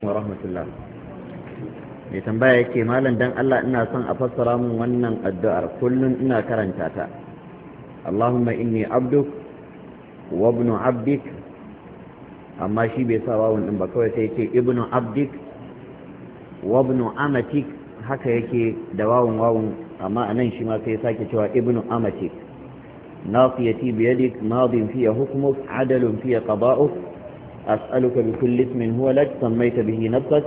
wa rahmatullah mai tambaya yake malam dan Allah ina son a fassara min wannan addu'ar kullum ina karanta ta Allahumma inni abduk wa ibnu abdik amma shi bai sa wawun din ba kawai sai yake ibnu abdik wa ibnu amatik haka yake da wawun wawun amma anan shi ma sai sake cewa ibnu amatik nasiyati biyadik madin fiya hukmuk adalun fiya qada'uk أسألك بكل اسم هو لك سميت به نفسك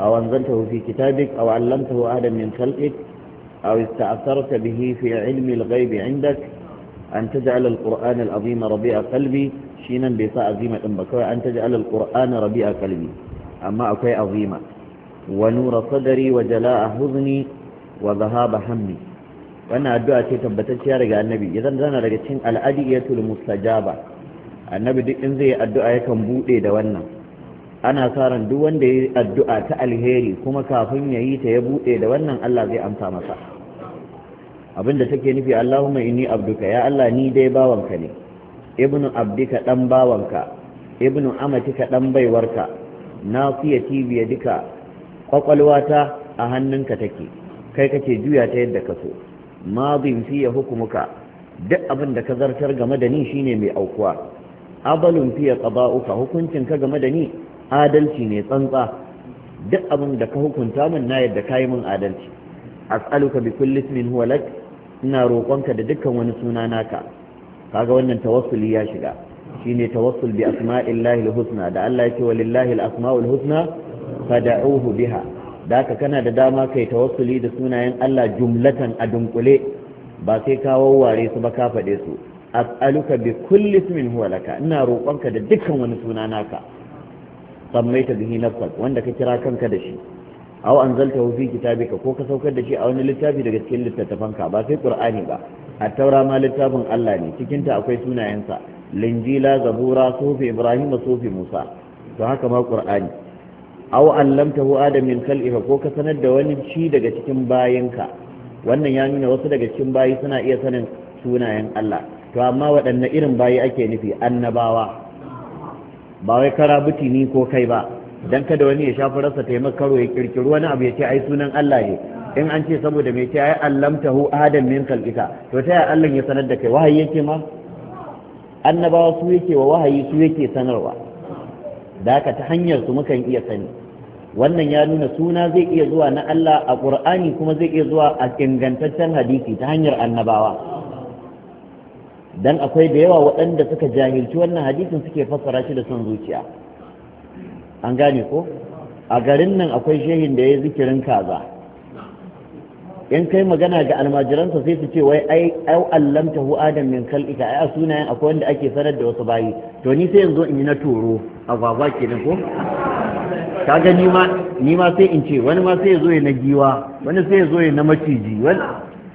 أو أنزلته في كتابك أو علمته أهلا من خلقك أو استأثرت به في علم الغيب عندك أن تجعل القرآن العظيم ربيع قلبي شينا بيساء عظيمة أمبكوة أن تجعل القرآن ربيع قلبي أما أكوي عظيمة ونور صدري وجلاء حزني وذهاب همي وأنا أدعى تتبتت يا رجاء النبي إذا أنا رجاء الأدئية المستجابة annabi duk in zai yi addu'a yakan buɗe da wannan ana sa duk wanda ya yi addu'a ta alheri kuma kafin ya yi ta ya buɗe da wannan Allah zai amsa masa abinda take nufi Allahumma inni abduka ya Allah ni dai bawanka ne ibnu abdika dan bawanka ibnu amatika dan baiwarka nasiyati dika. kwakwalwata a hannunka take kai kake juya ta yadda ka so madin fiye hukumuka duk abin da ka zartar game da ni shine mai aukuwa adalun fiye qada'uka hukuncin ka game da ni adalci ne tsantsa duk abin da ka hukunta min na yadda yi min adalci as'aluka bi kulli ismin huwa lak ina roƙonka da dukkan wani suna naka kaga wannan tawassuli ya shiga shine tawassul bi asma'illahi husna da Allah yake walillahi al-asma'ul husna fad'uhu biha da haka kana da dama kai tawassuli da sunayen Allah jumlatan a dunkule ba sai ka wawware su ba ka faɗe su as'aluka bi kulli ismin huwa laka ina roƙonka da dukkan wani suna naka sammaita bihi nafsak wanda ka kira kanka da shi aw hu fi kitabika ko ka saukar da shi a wani littafi daga cikin littattafanka ba sai qur'ani ba at-taura ma littafin Allah ne cikin ta akwai sunayensa linjila zabura sufi ibrahim sufi musa to haka ma qur'ani aw allamtahu adam min khalqika ko ka sanar da wani shi daga cikin bayinka wannan ya nuna wasu daga cikin bayi suna iya sanin sunayen Allah to amma waɗanne irin bayi ake nufi annabawa ba wai kara ni ko kai ba dan kada wani ya shafi rasa karo ya kirkiri wani abu ya ce ai sunan Allah ne in an ce saboda mai ce ai allamtahu adam min khalqika to ta ya Allah ya sanar da kai wahayi yake ma annabawa su yake wa wahayi su yake sanarwa da haka ta hanyar su mukan iya sani wannan ya nuna suna zai iya zuwa na Allah a ƙur'ani kuma zai iya zuwa a ingantaccen hadisi ta hanyar annabawa dan akwai da yawa waɗanda suka jahilci wannan hadisin suke fassara shi da son zuciya an gane ko a garin nan akwai shehin da ya zikirin kaza in kai magana ga almajiransa sai su ce wai ai au hu adam min kalika ai a sunayen akwai wanda ake sanar da wasu bayi to ni sai yanzu in yi na toro a baba kenan ko ga ni ma ni ma sai in ce wani ma sai ya zo ya na giwa wani sai ya zo ya na maciji wani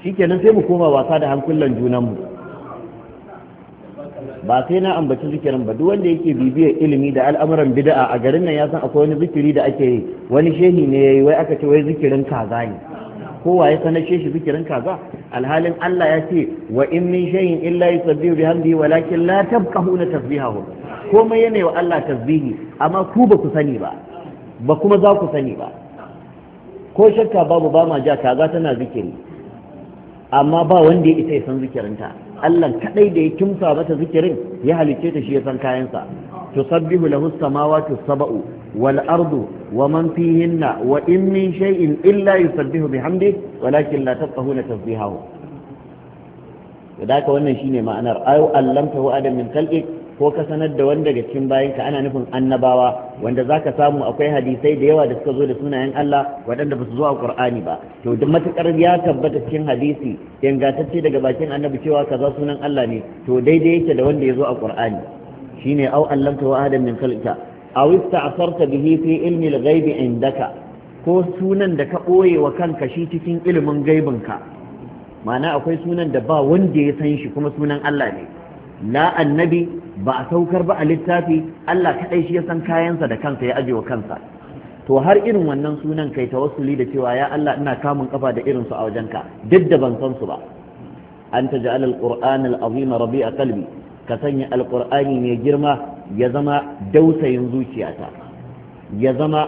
shikenan sai mu koma wasa da hankulan junanmu ba sai na ambaci zikirin ba duk wanda yake bibiyar ilimi da al'amuran bid'a a garin nan ya san akwai wani zikiri da ake yi wani shehi ne yayi wai aka ce wai zikirin kaza ne kowa ya sanar shi zikirin kaza alhalin Allah ya ce wa in min shay'in illa yusabbihu bihamdihi walakin la tabqahuna tasbihahu komai yana wa Allah tasbihi amma ku ba ku sani ba ba kuma za ku sani ba ko shakka babu ba ma ja kaza tana zikiri amma ba wanda ya isa ya san zikirinta Allah kadai da ya kimsa mata zikirin ya halice ta shi ya san kayansa tusabbihu lahu samawati sab'u wal ardu wa man fihinna wa in min shay'in illa yusabbihu bihamdi walakin la tafqahuna tasbihahu da haka wannan shine ma'anar ayu allamtahu adam min khalqik ko ka sanar da wanda daga cikin ka ana nufin annabawa wanda za ka samu akwai hadisai da yawa da suka zo da sunayen Allah waɗanda ba su zo a Kur'ani ba to duk matakar ya tabbata cikin hadisi ingantacce daga bakin annabi cewa kaza sunan Allah ne to daidai yake da wanda ya zo a Qur'ani shine au allamta wa adam min khalqa aw ista'sarta bihi fi ilmi al-ghaib indaka ko sunan da ka ɓoye wa kanka shi cikin ilimin gaibinka Mana akwai sunan da ba wanda ya san shi kuma sunan Allah ne la annabi ba a saukar ba a littafi Allah kaɗai shi ya san kayansa da kansa ya ajiye kansa to har irin wannan sunan kai tawassuli da cewa ya Allah ina kamun kafa da irinsu a wajenka duk da ban san su ba an taj'al al-qur'an al rabi'a qalbi ka sanya alqur'ani mai girma ya zama dausayin zuciyata ya zama